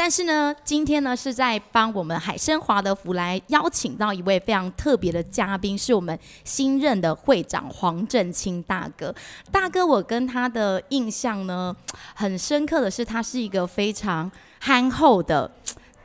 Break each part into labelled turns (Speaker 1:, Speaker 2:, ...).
Speaker 1: 但是呢，今天呢是在幫我們海生華德福來邀請到一位非常特別的嘉賓，是我們新任的會長黃振欽大哥。大哥，我跟他的印象呢很深刻的是，他是一個非常憨厚的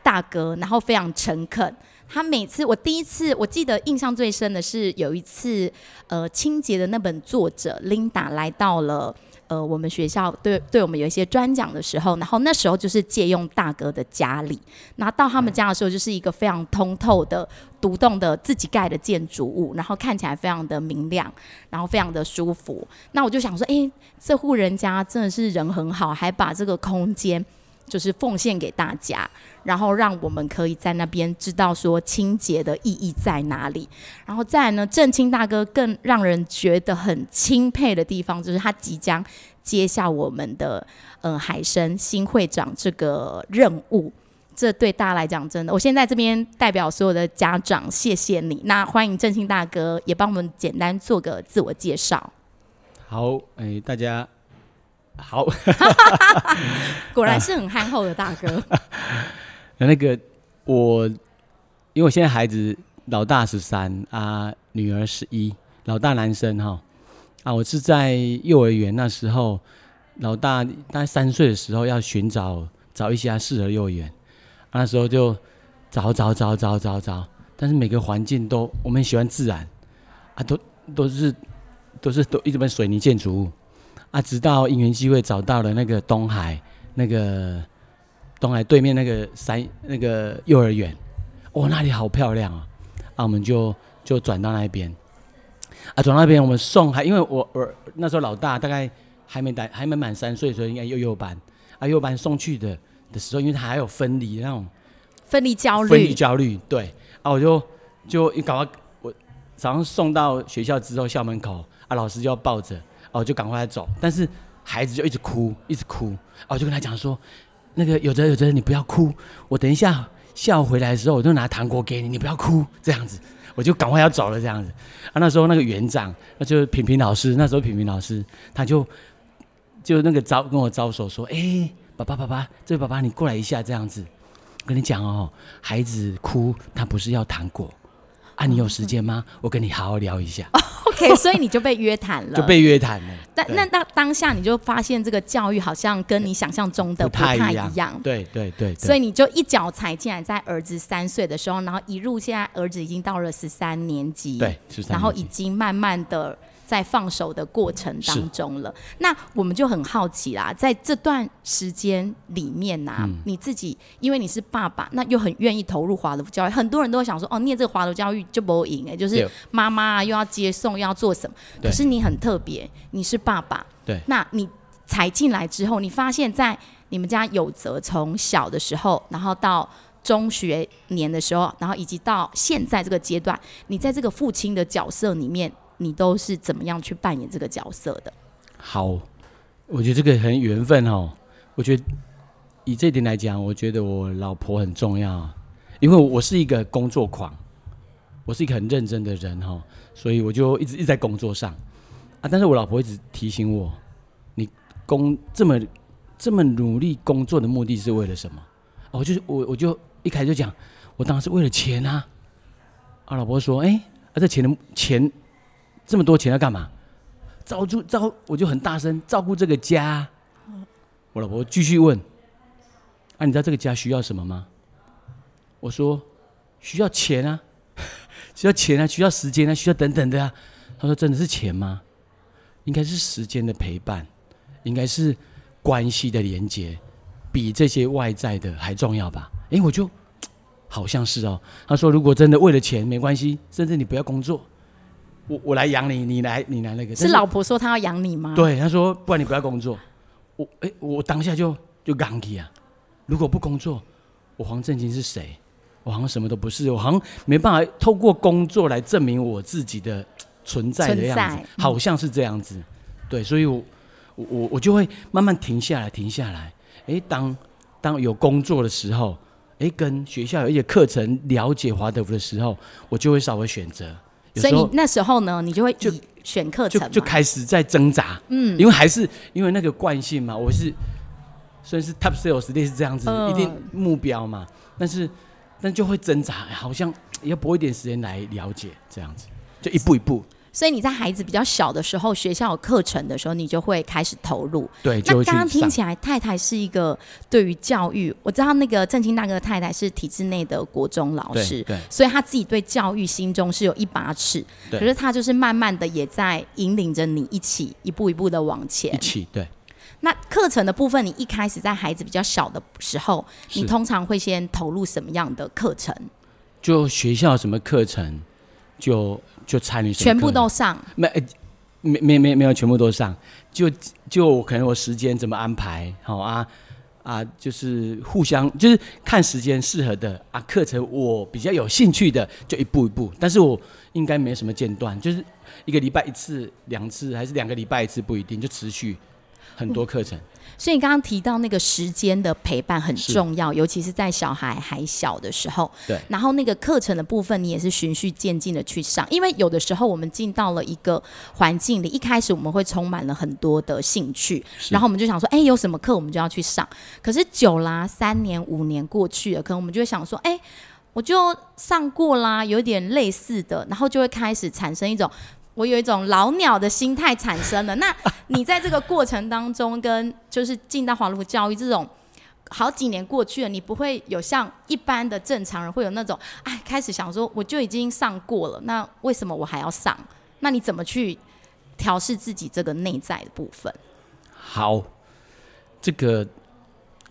Speaker 1: 大哥，然後非常誠懇。他每次，我第一次我記得印象最深的是有一次，呃，清潔的那本作者 Linda 來到了。呃，我們學校對對我們有一些專講的時候，然後那時候就是借用大哥的家裡，那到他們家的時候，就是一個非常通透的獨棟的自己蓋的建築物，然後看起來非常的明亮，然後非常的舒服。那我就想說，哎、欸，這戶人家真的是人很好，還把這個空間。就是奉獻給大家，然後讓我們可以在那邊知道說清潔的意義在哪裡。然後再來呢，振欽大哥更讓人覺得很欽佩的地方，就是他即將接下我們的呃海聲新會長這個任務。這對大家來講，真的，我現在在這邊代表所有的家長，謝謝你。那歡迎振欽大哥，也幫我們簡單做個自我介紹。
Speaker 2: 好，哎，大家。好， 果然是很憨厚的大哥。那 那個我，因為我現在孩子老大十三啊，女兒十一，老大男生哈啊，我是在幼兒園那時候，老大大概三歲的時候要尋找找一些適合幼兒園，啊，那時候就找找找找找找，但是每個環境都我們很喜歡自然啊，都都是都是都一直被水泥建築物。啊，直到因緣機會找到了那個東海，那個東海對面那個山那個幼兒園，哦，那裡好漂亮啊！啊，我們就就轉到那邊，啊，轉到那邊我們送還，還因為我我那時候老大大概還沒達還沒滿三歲，所以應該幼幼班啊幼班送去的的時候，因為他還有分離那種
Speaker 1: 分離焦慮，分離
Speaker 2: 焦慮對啊，我就就一搞我早上送到學校之後校門口啊，老師就要抱着。哦，就趕快走，但是孩子就一直哭，一直哭。哦，就跟他講說，那個有則有則，你不要哭。我等一下下午回來的時候，我就拿糖果給你，你不要哭。這樣子，我就趕快要走了。這樣子，啊，那時候那個園長，那就是平平老師。那時候平平老師他就就那個招跟我招手說，哎、欸，爸爸爸爸，這位爸爸你過來一下。這樣子，跟你講哦，孩子哭，他不是要糖果。啊，你有時間嗎？嗯、我跟你好好聊一下。
Speaker 1: OK，所以你就被約談了， 就被約
Speaker 2: 談了。但 那對那
Speaker 1: 當下你就發現，這個教育好像跟你想象中的不太，不太一樣。對
Speaker 2: 對對、對，所以你
Speaker 1: 就一腳踩進來，在兒子三歲的時候，然後一路現在兒子已經到了十三年級，對，十三，然後已經慢慢的。在放手的過程當中了，是那我們就很好奇啦，在這段時間裡面吶、啊，嗯、你自己因為你是爸爸，那又很願意投入華德福教育，很多人都會想說哦，念這個華德福教育就不會贏哎，就是媽媽、啊、又要接送又要做什麼，對可是你很特別，你是爸爸，對，那你才進來之後，你發現在你們家有責，從小的時候，然後到中學年的時候，然後以及到現在這個階段，你在這個父親的角色裡面。你都是怎麼樣去扮演這個角色的？
Speaker 2: 好，我覺得這個很緣分哦、喔。我覺得以這點來講，我覺得我老婆很重要、啊，因為我是一個工作狂，我是一個很認真的人哈、喔，所以我就一直一直在工作上啊。但是我老婆一直提醒我，你工這麼這麼努力工作的目的是為了什麼？啊、我就是我我就一開始就講，我當時是為了錢啊。啊，老婆說，哎、欸，啊這錢的錢。這麼多錢要幹嘛？照住照，我就很大聲照顧這個家。我老婆繼續問：“啊，你知道這個家需要什麼嗎？”我說：“需要錢啊，需要錢啊，需要時間啊，需要等等的啊。”他說：“真的是錢嗎？應該是時間的陪伴，應該是關係的連接，比這些外在的還重要吧？”哎，我就好像是哦。他說：“如果真的為了錢，沒關係，甚至你不要工作。”我我來養你，你來你來那個是，是老婆
Speaker 1: 說她要養你嗎？對，
Speaker 2: 她說不然你不要工作。 我哎、欸，我當下就就剛 k 啊！如果不工作，我黃振欽是誰？我好像什麼都不是，我好像沒辦法透過工作來證明我自己的存在的樣子，存在好像是這樣子。對，所以我，我我我就會慢慢停下來，停下來。哎、欸，當當有工作的時候，哎、欸，跟學校有一些課程了解華德福的時候，我就會稍微選擇。所以你
Speaker 1: 那時候呢，你就會就選課程就，就開
Speaker 2: 始在掙扎。嗯，因為還是因為那個慣性嘛，我是雖然是 top sales 是這樣子，呃、一定目標嘛，但是但是就會掙扎，好像要撥一點時間來了解這樣子，就一步一步。
Speaker 1: 所以你在孩子比較小的時候，學校有課程的時候，你就會開始投入？對，那剛剛聽起來，太太是一個對於教育，我知道那個振欽大哥的太太是體制內的國中老師，對對，所以他自己對教育心中是有一把尺。對可是他就是慢慢的也在引領着你一起一步一步的往前。一起對。那課程的部分，你一開始在孩子比較小的時候，是你通常會先投入什麼樣的課程？
Speaker 2: 就學校什麼課程？就就參與，全部都上，沒沒沒沒有全部都上，就就可能我時間怎麼安排好、哦、啊啊，就是互相就是看時間適合的啊，課程我比較有興趣的就一步一步，但是我應該沒什麼間斷，就是一個禮拜一次、兩次，還是兩個禮拜一次不一定，就持續很多課程。嗯。
Speaker 1: 所以你剛剛提到那個時間的陪伴很重要，是尤其是在小孩還小的時候。對，然後那個課程的部分，你也是循序漸進的去上，因為有的時候我們進到了一個環境裡，一開始我們會充滿了很多的興趣，是然後我們就想說，哎、欸，有什麼課我們就要去上。可是久啦、啊，三年五年過去了，可能我們就會想說，哎、欸，我就上過啦，有點類似的，然後就會開始產生一種。我有一種老鳥的心態產生了。那你在這個過程當中，跟就是進到華德福教育這種，好幾年過去了，你不會有像一般的正常人會有那種，哎，開始想說我就已經上過了，那為什麼我還要上？那你怎麼去調適自己這個內在的部分？
Speaker 2: 好，這個，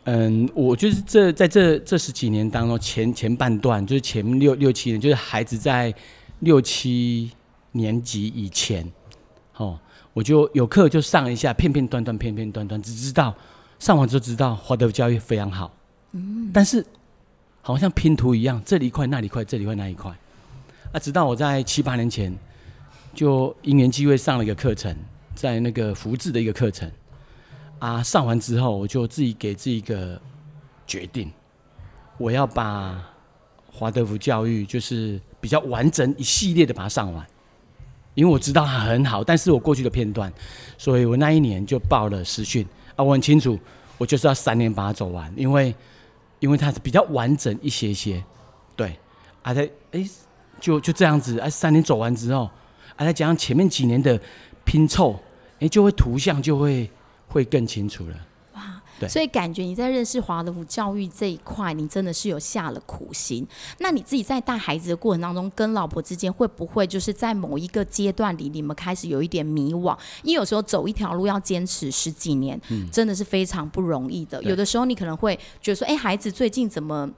Speaker 2: 嗯，我就是這在這這十幾年當中，前前半段就是前六六七年，就是孩子在六七。年級以前，哦，我就有課就上一下片片段段、片片段段，只知道上完就知道華德福教育，非常好。嗯，但是好像拼圖一樣，這裡一塊，那裡一塊，這裡一塊，那裡一塊。啊，直到我在七八年前，就因緣際會上了一個課程，在那個福智的一個課程。啊，上完之後，我就自己給自己一個決定，我要把華德福教育就是比較完整一系列的把它上完。因為我知道他很好，但是我過去的片段，所以我那一年就報了師訓啊，我很清楚，我就是要三年把它走完，因為，因為它是比較完整一些些，對，啊在誒、欸，就就這樣子，啊，三年走完之後，啊再加上前面幾年的拼湊，誒、欸，就會圖像就會會更清楚了。
Speaker 1: 所以感覺你在認識華德福教育這一塊，你真的是有下了苦心。那你自己在帶孩子的過程當中，跟老婆之間會不會就是在某一個階段裡，你們開始有一點迷惘？因為有時候走一條路要堅持十幾年，嗯，真的是非常不容易的。對有的時候你可能會覺得說，哎、欸，孩子最近怎麼？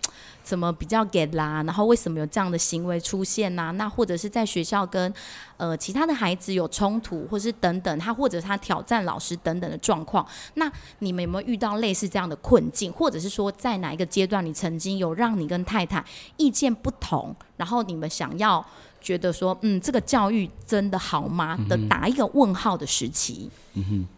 Speaker 1: 怎麼比較 get 啦？然後為什麼有這樣的行為出現呢、啊？那或者是在學校跟呃其他的孩子有衝突，或是等等他，他或者他挑戰老師等等的狀況，那你們有沒有遇到類似這樣的困境？或者是說在哪一個階段，你曾經有讓你跟太太意見不同，然後你們想要覺得說，嗯，這個教育真的好嗎？的打一個問號的時期？
Speaker 2: 嗯哼，嗯哼，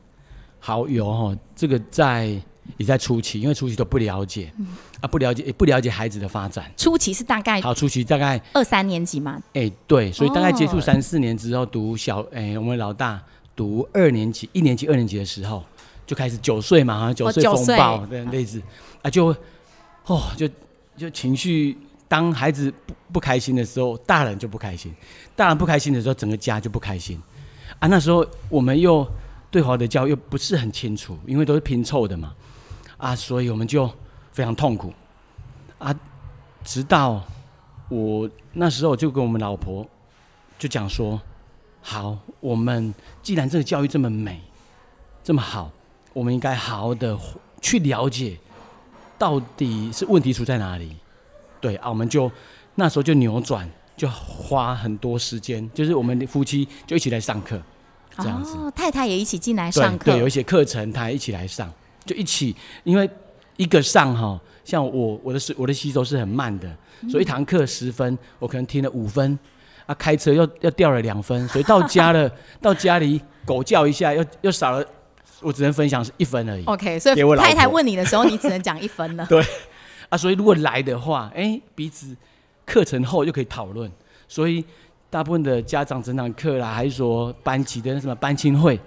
Speaker 2: 好有哦，這個在。也在初期，因為初期都不了解，嗯、啊，不了解、欸、不了解孩子的發展。初
Speaker 1: 期是大概好，初期大概二三年級嘛。哎、欸，
Speaker 2: 對，所以大概接觸三四年之後，讀小，哎、哦欸，我們老大讀二年級、一年級、二年級的時候，就開始九歲嘛，好像九歲風暴這樣、哦、類似，啊，就哦，就就情緒，當孩子不不開心的時候，大人就不開心，大人不開心的時候，整個家就不開心，啊，那時候我們又對華德福教又不是很清楚，因為都是拼湊的嘛。啊，所以我們就非常痛苦，啊，直到我那時候就跟我們老婆就講說，好，我們既然這個教育這麼美，這麼好，我們應該好好的去了解，到底是問題出在哪裡？對啊，我們就那時候就扭轉，就花很多時間，就是我們的夫妻就一起來上課，哦、這樣子，
Speaker 1: 太太也一起進來上課，對，對，有一
Speaker 2: 些課程她一起來上。就一起，因為一個上吼，像我我的是我的吸收是很慢的，嗯、所以一堂課十分，我可能聽了五分，啊，開車又又掉了兩分，所以到家了 到家裡狗叫一下，又又少了，我只能分享是一分而已。OK，
Speaker 1: 所以太太問你的時候，你只能講一分了。 對，
Speaker 2: 啊，所以如果來的話，誒、欸、彼此課程後就可以討論，所以大部分的家長整堂課啦，還是說班級的什麼班親會。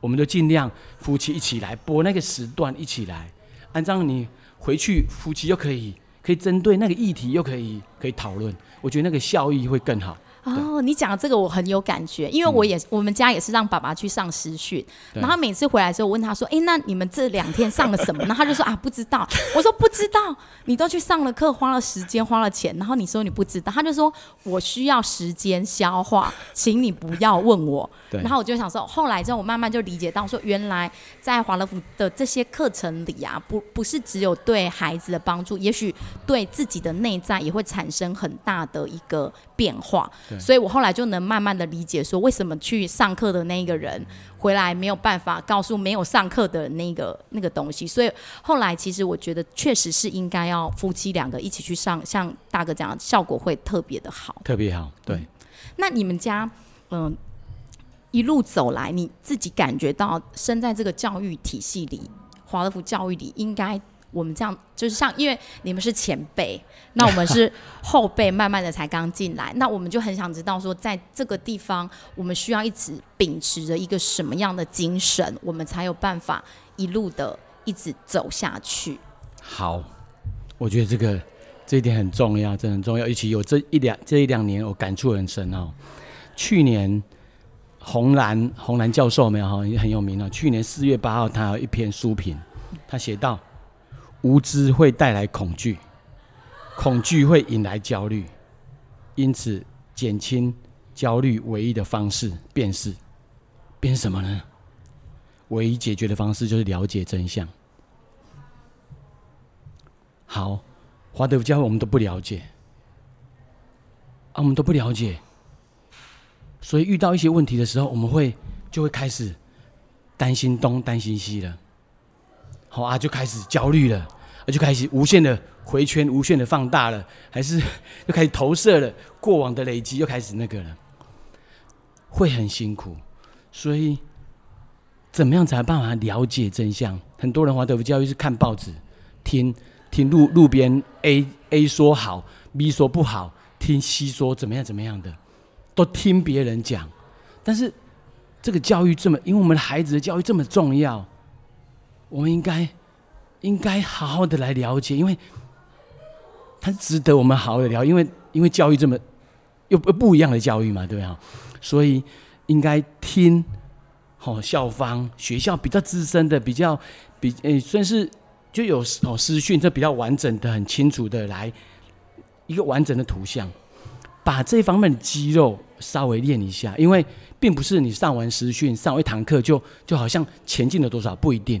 Speaker 2: 我們就儘量夫妻一起來播那個時段一起來，按照你回去夫妻又可以可以針對那個議題又可以可以討論，我覺得那個效益會更好。
Speaker 1: 哦，oh, 對你講這個我很有感覺，因為我也、嗯、我們家也是讓爸爸去上師訓，對然後每次回來之後，我問他說：“哎，那你們這兩天上了什麼？” 然後他就說：“啊，不知道。” 我說：“不知道，你都去上了課，花了時間，花了錢，然後你說你不知道。”他就說：“我需要時間消化，請你不要問我。對”然後我就想說，後來之後我慢慢就理解到，說原來在華德福的這些課程裡啊，不不是只有對孩子的幫助，也許對自己的內在也會產生很大的一個。變化，所以我後來就能慢慢的理解，說為什麼去上課的那一個人回來沒有辦法告訴沒有上課的那個那個東西。所以後來其實我覺得確實是應該要夫妻兩個一起去上，像大哥這樣效果會特別的好，
Speaker 2: 特別好。對，
Speaker 1: 那你們家嗯、呃，一路走來，你自己感覺到身在這個教育體系裡，華德福教育裡應該。我們這樣就是像，因為你們是前輩，那我們是後輩，慢慢的才剛進來， 那我們就很想知道說，在這個地方，我們需要一直秉持着一個什麼樣的精神，我們才有辦法一路的一直走下去。
Speaker 2: 好，我覺得這個這一點很重要，這很重要。尤其有這一兩這一兩年，我感觸很深啊、喔。去年洪蘭洪蘭教授有沒有哈、喔，也很有名、喔、去年四月八號，他有一篇書評，他寫道。無知會帶來恐懼，恐懼會引來焦慮，因此減輕焦慮唯一的方式，便是，變什麼呢？唯一解決的方式就是了解真相。好，華德福教我們都不了解，啊，我們都不了解，所以遇到一些問題的時候，我們會就會開始擔心東，擔心西了。哦、啊，就開始焦慮了，啊，就開始無限的回圈，無限的放大了，還是又開始投射了，過往的累積又開始那個了，會很辛苦。所以，怎麼樣才有辦法了解真相？很多人華德福教育是看報紙，聽聽路路邊 A A 說好，B 說不好，聽 C 說怎麼樣怎麼樣的，都聽別人講。但是這個教育這麼，因為我們的孩子的教育這麼重要。我們應該應該好好的來了解，因為它值得我們好好的聊。因為因為教育這麼又不，又不一樣的教育嘛，對不對？所以應該聽好、哦、校方、學校比較資深的、比較比誒、欸、算是就有哦師訓，這比較完整的、很清楚的來一個完整的圖像，把這方面的肌肉稍微練一下。因為並不是你上完師訓上一堂課就就好像前進了多少，不一定。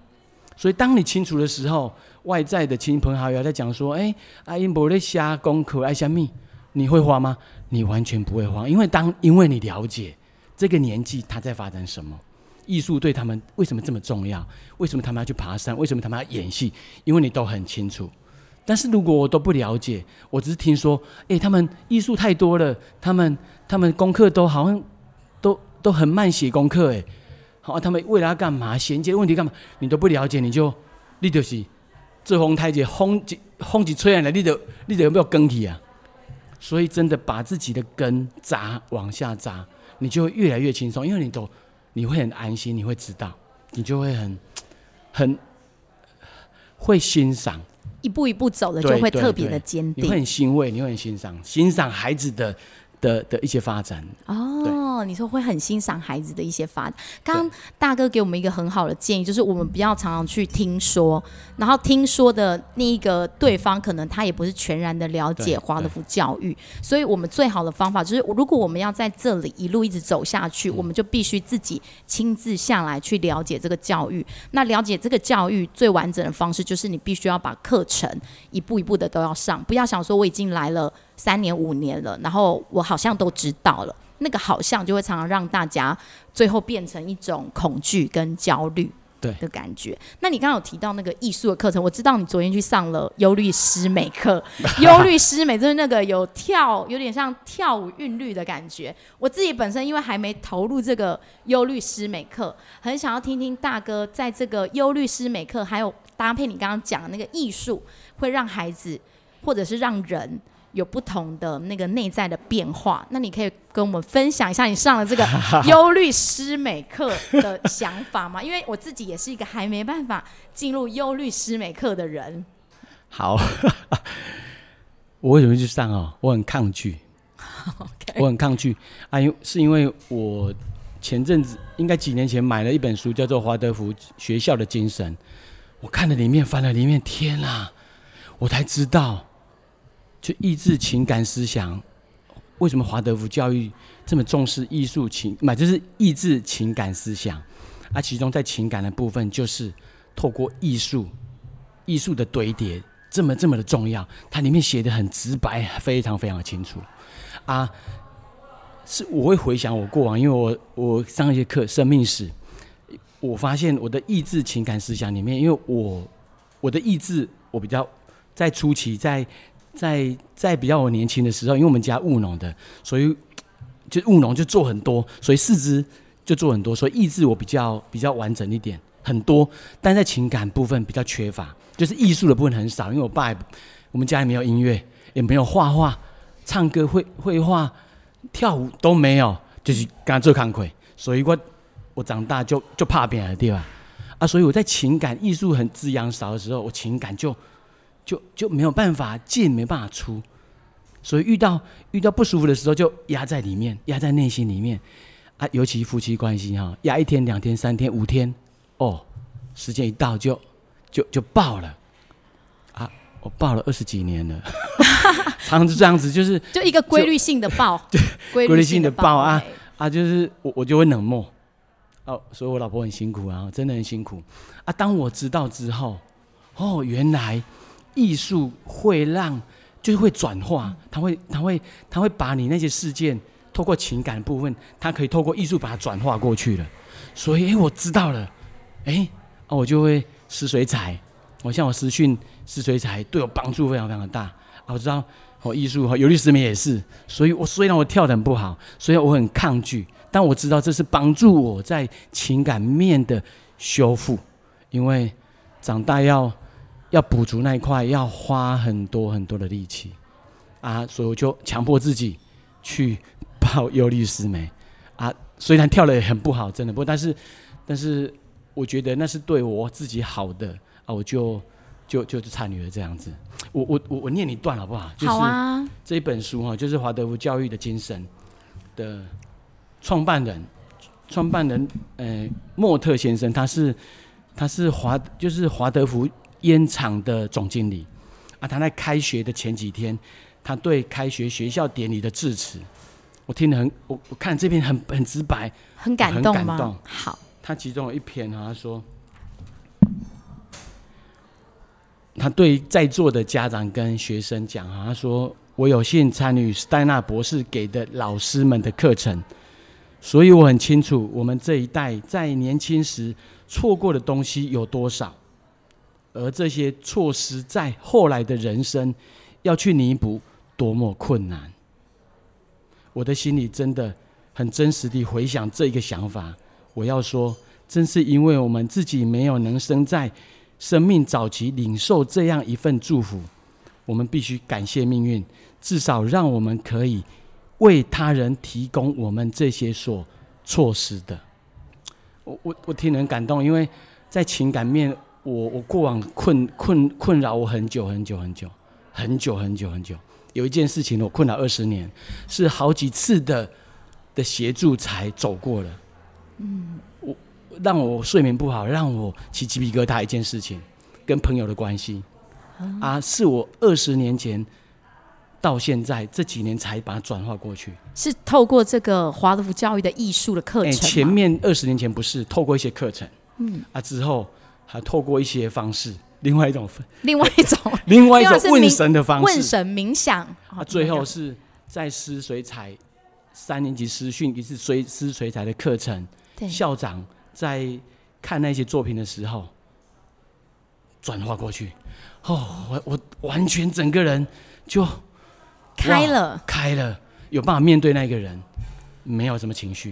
Speaker 2: 所以，當你清楚的時候，外在的親朋好友在講說：“哎、欸，阿英伯累下功課，愛下米，你會慌嗎？”你完全不會慌，因為當因為你了解這個年紀他在發展什麼，藝術對他們為什麼這麼重要？為什麼他們要去爬山？為什麼他們要演戲？因為你都很清楚。但是如果我都不了解，我只是聽說，哎、欸，他們藝術太多了，他們他們功課都好像都都很慢寫功課、欸，哎。好，他們未來要幹嘛銜接問題幹嘛，你都不了解，你就你就是，這風太急，風一風一吹來了，你都你就有沒有根氣啊？所以真的把自己的根扎往下扎，你就會越來越輕鬆，因為你都你會很安心，你會知道，你就會很很會欣賞，
Speaker 1: 一步一步走的就會特別的堅定，對對對，你會很
Speaker 2: 欣慰，你會很欣賞，欣賞孩子的的的一些發展
Speaker 1: 哦。你說會很欣賞孩子的一些發展。剛剛大哥給我們一個很好的建議，就是我們不要常常去聽說，然後聽說的那一個對方可能他也不是全然的了解華德福教育，所以我們最好的方法就是，如果我們要在這裡一路一直走下去，我們就必須自己親自下來去了解這個教育。那了解這個教育最完整的方式，就是你必須要把課程一步一步的都要上，不要想說我已經來了三年五年了，然後我好像都知道了。那個好像就會常常讓大家最後變成一種恐懼跟焦慮對的感覺。對那你剛剛有提到那個藝術的課程，我知道你昨天去上了憂慮師美課，憂慮 師美就是那個有跳，有點像跳舞韻律的感覺。我自己本身因為還沒投入這個憂慮師美課，很想要聽聽大哥在這個憂慮師美課，還有搭配你剛剛講的那個藝術，會讓孩子或者是讓人。有不同的那個內在的變化，那你可以跟我們分享一下你上了這個優律詩美課的想法嗎？ 因為我自己也是一個還沒辦法進入優律詩美課的人。
Speaker 2: 好， 我為什麼去上啊？我很抗拒，Okay. 我很抗拒啊！因是因為我前陣子應該幾年前買了一本書，叫做《華德福學校的精神》，我看了裡面，翻了裡面，天啊，我才知道。就意志情感、思想，為什麼華德福教育這麼重視藝術情？不、啊，就是意志情感、思想，啊，其中在情感的部分就是透過藝術，藝術的堆疊這麼這麼的重要。它裡面寫的很直白，非常非常的清楚。啊，是我會回想我過往，因為我我上一節課生命史，我發現我的意志情感、思想裡面，因為我我的意志，我比較在初期在。在在比較我年輕的時候，因為我們家務農的，所以就務農就做很多，所以四肢就做很多，所以意志我比較比較完整一點，很多，但在情感部分比較缺乏，就是藝術的部分很少，因為我爸，我們家裡沒有音樂，也沒有畫畫、唱歌、繪繪畫、跳舞都沒有，就是幹做工課，所以我我長大就就怕別人，對吧？啊，所以我在情感藝術很滋養少的時候，我情感就。就就沒有辦法進，沒辦法出，所以遇到遇到不舒服的時候，就壓在裡面，壓在內心裡面啊。尤其夫妻關係哈，壓一天、兩天、三天、五天，哦，時間一到就就就爆了啊！我爆了二十幾年了， 常常是這樣子，就是 就一
Speaker 1: 個規律性的爆，就 規律性的爆啊、
Speaker 2: 欸、啊，就是我我就會冷漠哦、啊，所以我老婆很辛苦啊，真的很辛苦啊。當我知道之後，哦，原來。藝術會讓，就是會轉化，他會，他會，他會把你那些事件，透過情感的部分，他可以透過藝術把它轉化過去了。所以，哎，我知道了，哎，我就會濕水彩，我像我師訓濕水彩對我幫助非常非常大。啊，我知道，我、哦、藝術，優律思美也是。所以我，我雖然我跳得很不好，所以我很抗拒，但我知道這是幫助我在情感面的修復，因為長大要。要補足那一塊，要花很多很多的力氣，啊，所以我就強迫自己去報優律思美，啊，雖然跳了也很不好，真的，不過但是，但是我覺得那是對我自己好的，啊，我就就就差女兒這樣子，我我我我念你一段好不好？好啊！就是這一本書哈，就是華德福教育的精神的創辦人，創辦人，呃，莫特先生，他是他是華，就是華德福。煙廠的總經理，啊，他在開學的前幾天，他對開學學校典禮的致辭，我聽得很，我我看這篇很很直白，很感動嗎？啊，很感動。好，他其中有一篇哈，他說，他對在座的家長跟學生講哈，他說，我有幸參與史黛娜博士給的老師們的課程，所以我很清楚我們這一代在年輕時錯過的東西有多少。而這些錯失，在後來的人生要去彌補，多麼困難！我的心裡真的很真實的回想這一個想法。我要說，正是因為我們自己沒有能生在生命早期領受這樣一份祝福，我們必須感謝命運，至少讓我們可以為他人提供我們這些所錯失的。我我我，挺能感動，因為在情感面。我我過往困困困擾我很久很久很久很久很久很久，有一件事情我困擾二十年，是好幾次的的協助才走過了。嗯，我讓我睡眠不好，讓我起雞皮疙瘩一件事情，跟朋友的關係、嗯、啊，是我二十年前到現在這幾年才把它轉化過去。
Speaker 1: 是透過這個華德福教育的藝術的課程。欸？前
Speaker 2: 面二十年前不是透過一些課程？嗯，啊之後。他、啊、透過一些方式，另外一種，
Speaker 1: 另外一種， 另外一種問神的方式，問神冥想。他、哦啊、最後
Speaker 2: 是在濕水彩三年級實訓一次水濕水彩的課程。對校長在看那些作品的時候，轉化過去。哦，我我完全整個人就開了，開了，有辦法面對那個人，沒有什麼情緒。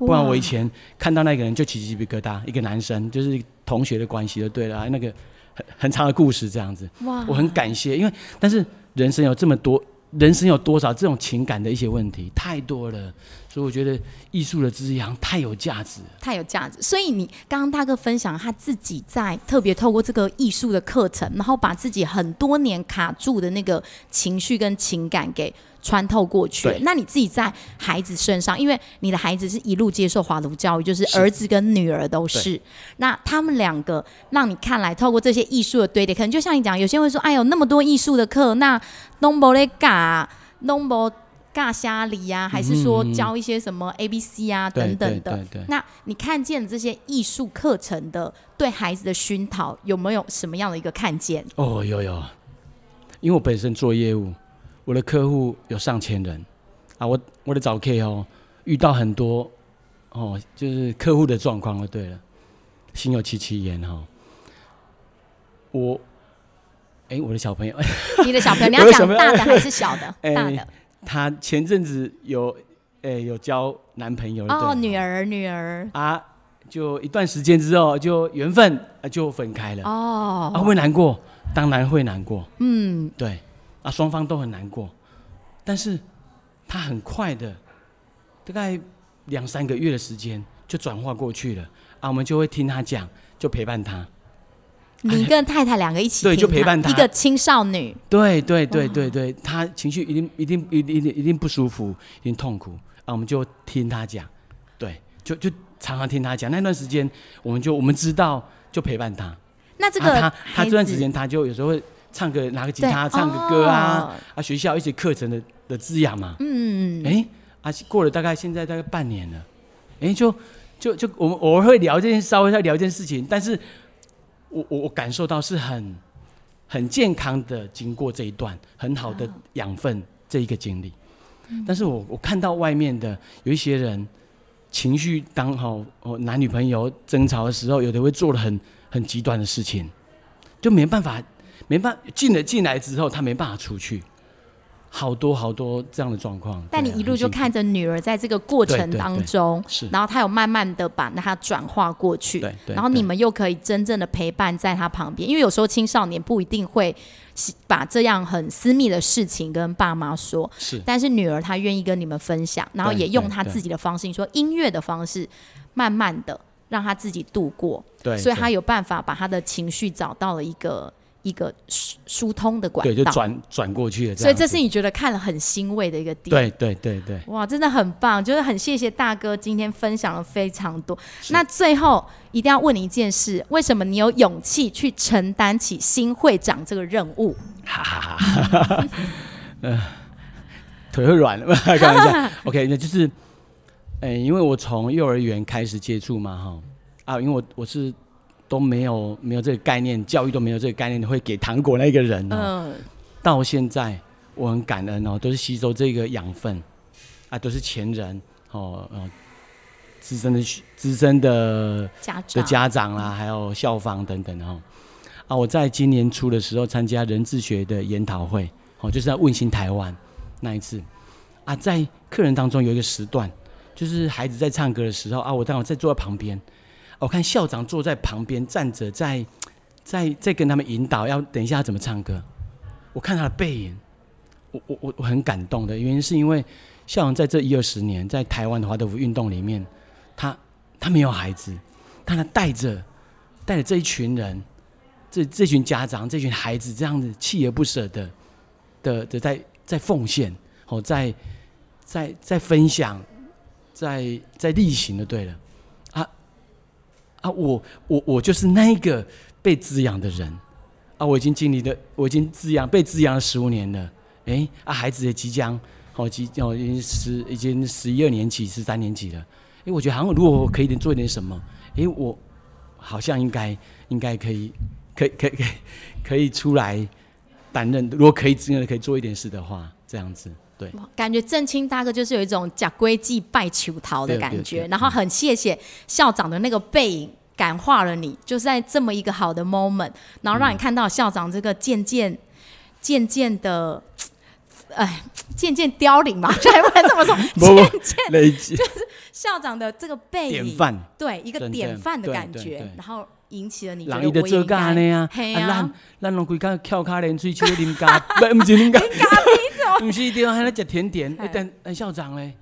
Speaker 2: 哇不然我以前看到那個人就起雞皮疙瘩。一個男生就是。同學的關係就對了啊，那個很很長的故事這樣子，哇我很感謝，因為但是人生有這麼多，人生有多少這種情感的一些問題太多了。所以我覺得藝術的滋養太有價值，
Speaker 1: 太有價值。所以你剛剛大哥分享他自己在特別透過這個藝術的課程，然後把自己很多年卡住的那個情緒跟情感給穿透過去。對那你自己在孩子身上，因為你的孩子是一路接受華德福教育，就是兒子跟女兒都是。是那他們兩個讓你看來透過這些藝術的堆疊，可能就像你講，有些人會說：“哎呦，那麼多藝術的課，那 n 不 m 干，弄不。”尬蝦禮呀，還是說教一些什麼 A B C 啊，嗯嗯等等的？對，對，對，對，那你看見這些藝術課程的對孩子的熏陶，有沒有什麼樣的一個看見？哦，
Speaker 2: 有有，因為我本身做業務，我的客戶有上千人啊，我我的早 K 哦，遇到很多哦，就是客戶的狀況。對了，心有戚戚焉哈。我哎、欸，我的小朋
Speaker 1: 友， 你的小朋友，你要講大的還是小的？欸、大的。
Speaker 2: 她前陣子有，誒、欸，有交男朋友了。哦、oh, 對，
Speaker 1: 女兒，女兒。
Speaker 2: 啊，就一段時間之後，就緣分啊，就分開了。哦，oh. 啊、會，會不會難過，當然會難過。嗯，mm. 對，啊，雙方都很難過。但是她很快的，大概兩三個月的時間就轉化過去了。啊，我們就會聽她講，就陪伴她。
Speaker 1: 你跟太太兩個一起他？哎、對，就陪伴她一個青少女。對對對對
Speaker 2: 對，哇她情緒一定一定一定一定一定不舒服，一定痛苦啊！我們就聽她講，對，就就常常聽她講。那段時間，我們就我們知道，就陪伴她。
Speaker 1: 那這個、啊、她，她這段時
Speaker 2: 間，她就有時候會唱個拿個吉他對唱個歌啊、哦、啊！學校一些課程的的滋養嘛。嗯。嗯哎、欸、啊，過了大概現在大概半年了，哎、欸，就就就我們偶爾會聊一件，稍微再聊一件事情，但是。我我我感受到是很很健康的，經過這一段很好的養分這一個經歷。Wow. 但是我我看到外面的有一些人情緒剛好，哦，男女朋友爭吵的時候，有的會做了很很極端的事情，就沒辦法，沒辦，進了進來之後，他沒辦法出去。好多好多這樣的狀況，但
Speaker 1: 你一路就看着女兒在這個過程當中，是，然後她有慢慢的把她轉化過去，對，對，然後你們又可以真正的陪伴在她旁邊，因為有時候青少年不一定會把這樣很私密的事情跟爸媽說，是，但是女兒她願意跟你們分享，然後也用她自己的方式，你說音樂的方式，慢慢的讓她自己度過，對，對，所以她有辦法把她的情緒找到了一個。一個疏疏通的管道，對，就轉
Speaker 2: 轉過去了，這樣，所以這是你
Speaker 1: 覺得看了很欣慰的一個點。對
Speaker 2: 對對對，哇，
Speaker 1: 真的很棒，就是很謝謝大哥今天分享了非常多。是那最後一定要問你一件事：為什麼你有勇氣去承擔起新會長這個任務？
Speaker 2: 哈，哈哈哈！哈哈，呃，腿會軟了，開玩笑， 看一下。OK，那就是，哎，因為我從幼兒園開始接觸嘛，哈，啊，因為我我是。都沒有沒有這個概念，教育都沒有這個概念，會給糖果那個人、哦嗯、到現在我很感恩哦，都是吸收這個養分啊，都是前人哦，資、呃、深的資深的家長的家長啦，還有校方等等哦。啊，我在今年初的時候參加人智學的研討會，哦、啊，就是在問心台灣那一次啊，在客人當中有一個時段，就是孩子在唱歌的時候啊，我剛好在坐在旁邊。我看校長坐在旁邊，站着在在在跟他們引導，要等一下怎麼唱歌。我看他的背影，我我我很感動的原因是因為校長在這一二十年在台灣的華德福運動裡面，他他沒有孩子，他他帶着帶着這一群人，這這群家長、這群孩子，這樣子鍥而不捨的的的在在奉獻，哦，在在在分享，在在例行的，對了。啊，我我我就是那一個被滋養的人，啊，我已經經歷了，我已經滋養被滋養了十五年了，誒、欸，啊，孩子也即將，哦，即將、哦、已經十已經十一二年級十三年級了，誒、欸，我覺得好像如果我可以做點什麼，誒、欸，我好像應該應該可以可以，可以可以可以出來擔任，如果可以真的可以做一點事的話，這樣子。
Speaker 1: 對，感覺振欽大哥就是有一種假規矩拜求桃的感覺，然後很謝謝校長的那個背影感化了你，就是在這麼一個好的 moment，然後讓你看到校長這個漸漸、漸漸的，哎，漸漸凋零嘛，這還不能這麼說，漸漸，就是校長的這個背影，對，一個典範的感覺，
Speaker 2: 然後引起了你覺得我應該安啊。不、嗯、是，還要來吃甜點。哎，等，等，校長呢？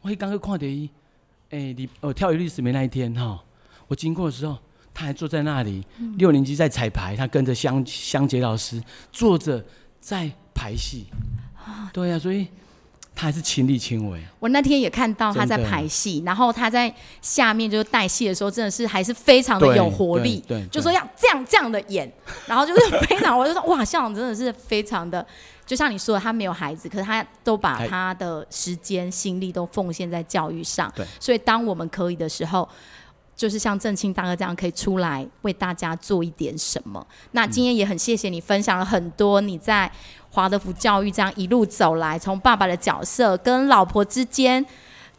Speaker 2: 我剛剛去看到伊，哎、欸，李哦，跳《優律思美》沒那一天哈、哦。我經過的時候，他還坐在那裡。嗯、六年級在彩排，他跟着香香姐老師坐着在排戲。啊，對呀、啊，所以他還是親力親為。
Speaker 1: 我那天也看到他在排戲，的然後他在下面就是帶戲的時候，真的是還是非常的有活力。對，對對對，就說要這樣這樣地演，然後就是非常， 我就說哇，校長真的是非常的。就像你說的，他沒有孩子，可是他都把他的時間、心力都奉獻在教育上。對所以，當我們可以的時候，就是像振欽大哥這樣，可以出來為大家做一點什麼。那今天也很謝謝你分享了很多你在華德福教育這樣一路走來，從爸爸的角色跟老婆之間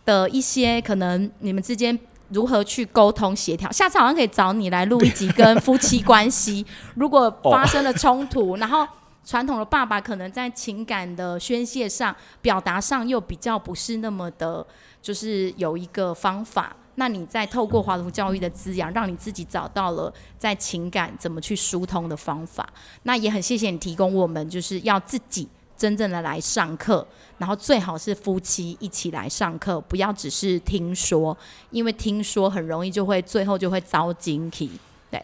Speaker 1: 的一些可能，你們之間如何去溝通協調？下次好像可以找你來錄一集，跟夫妻關係 如果發生了衝突，oh. 然後。傳統的爸爸可能在情感的宣洩上、表達上又比較不是那麼的，就是有一個方法。那你在透過華德福教育的滋養，讓你自己找到了在情感怎麼去疏通的方法。那也很謝謝你提供我們，就是要自己真正的來上課，然後最好是夫妻一起來上課，不要只是聽說，因為聽說很容易就會最後就會遭驚起，對。